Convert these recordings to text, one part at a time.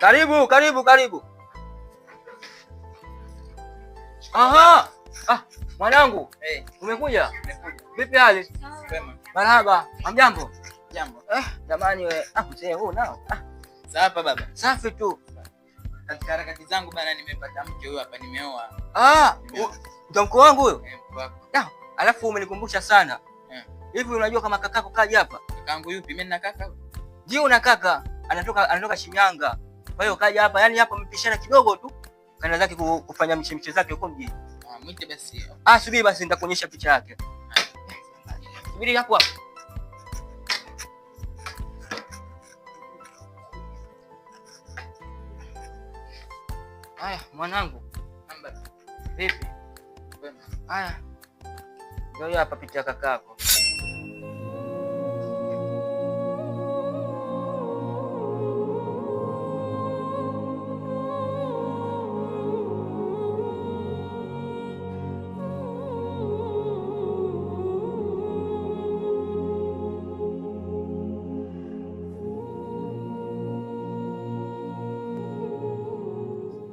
Karibu, karibu, karibu. Aha. Ah, mwanangu. Hey. Eh. Umekuja? Vipi hali? Kwema. Marhaba. Hamjambo? Jambo. Eh, jamani wewe. Ah, mzee huu nao. Ah. Safi baba. Safi tu. Katika harakati zangu bana nimepata mke huyu hapa nimeoa. Ah, ndio mko wangu huyo? Eh, nah, alafu umenikumbusha sana. Eh. Hivi yeah. Unajua kama kakako kaja hapa? Kakangu yupi? Mimi nina kaka. Je, una kaka? Anatoka anatoka Shinyanga. Kwa hiyo kaja hapa, yani hapo mpishana kidogo tu, kana zake kufanya mchemche zake huko mjini. Ah, mwite basi. Ah, subiri basi nitakuonyesha picha yake. Subiri hapo hapo. Aya, mwanangu. Vipi? Aya. Ndio hapa picha kakako.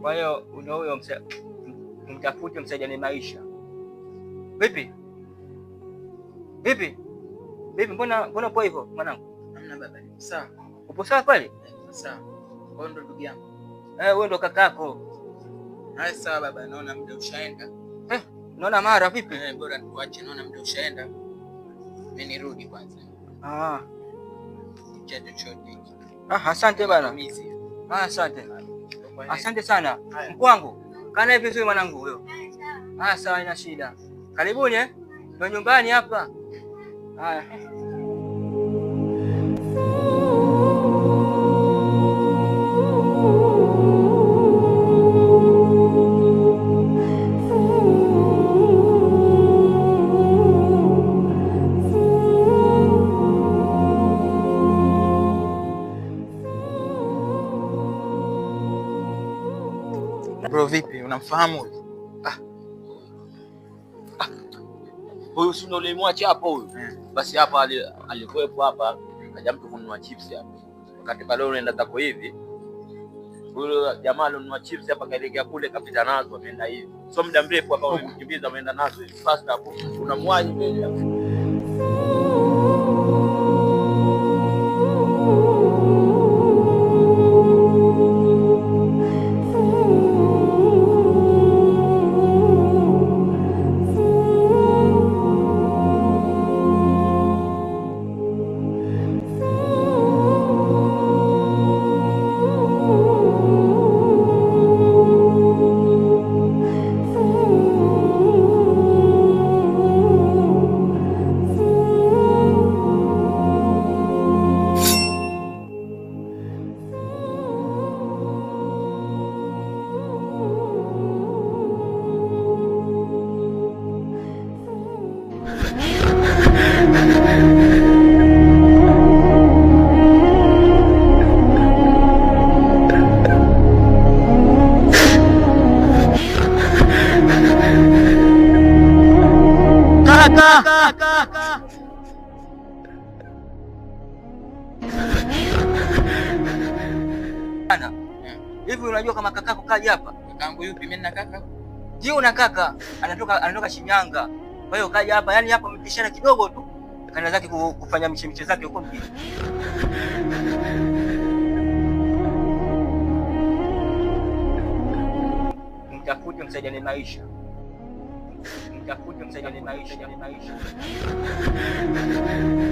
Kwa hiyo una huyo mtafute msaidiane maisha. Vipi vipi vipi, mbona mbona upo hivyo mwanangu? Hamna baba, sawa. Upo sawa pale? Sawa. Kwa hiyo ndo ndugu yangu eh, wewe ndo kakako. Haya, sawa baba, naona muda ushaenda. Eh, naona mara vipi? Eh, bora nikuache, naona muda ushaenda, mimi nirudi kwanza. Ah, chochote. Ah, asante bana. Ah, asante. Asante sana mkwangu, kana vizuri mwanangu huyo. Ah, sawa, ina shida. Karibuni eh, ndio nyumbani hapa. Haya. Bro, vipi unamfahamu ah. Ah. huyu? si ndo ulimwacha hapo huyu? Hmm. Basi hapa alikuwepo hapa, kaja mtu kununua chips hapa. Wakati pale unaenda tako hivi, huyo jamaa alinunua chips hapa, kaelekea kule, kapita nazo ameenda hivi. So muda mrefu hapa, oh. wamekimbiza ameenda nazo hivi. Fast hapo unamwaje mbele hapo. kaka. Hivi unajua kama kakako kaja hapa? Kakangu yupi? Mimi na kaka. Je, una kaka anatoka anatoka Shinyanga. Kwa hiyo kaja hapa, yani hapa mpishana kidogo tu. Kaenda zake kufanya mchemche zake huko mjini. Mtafute msaidiane maisha. Gapon yung sa inyo, nais, nais,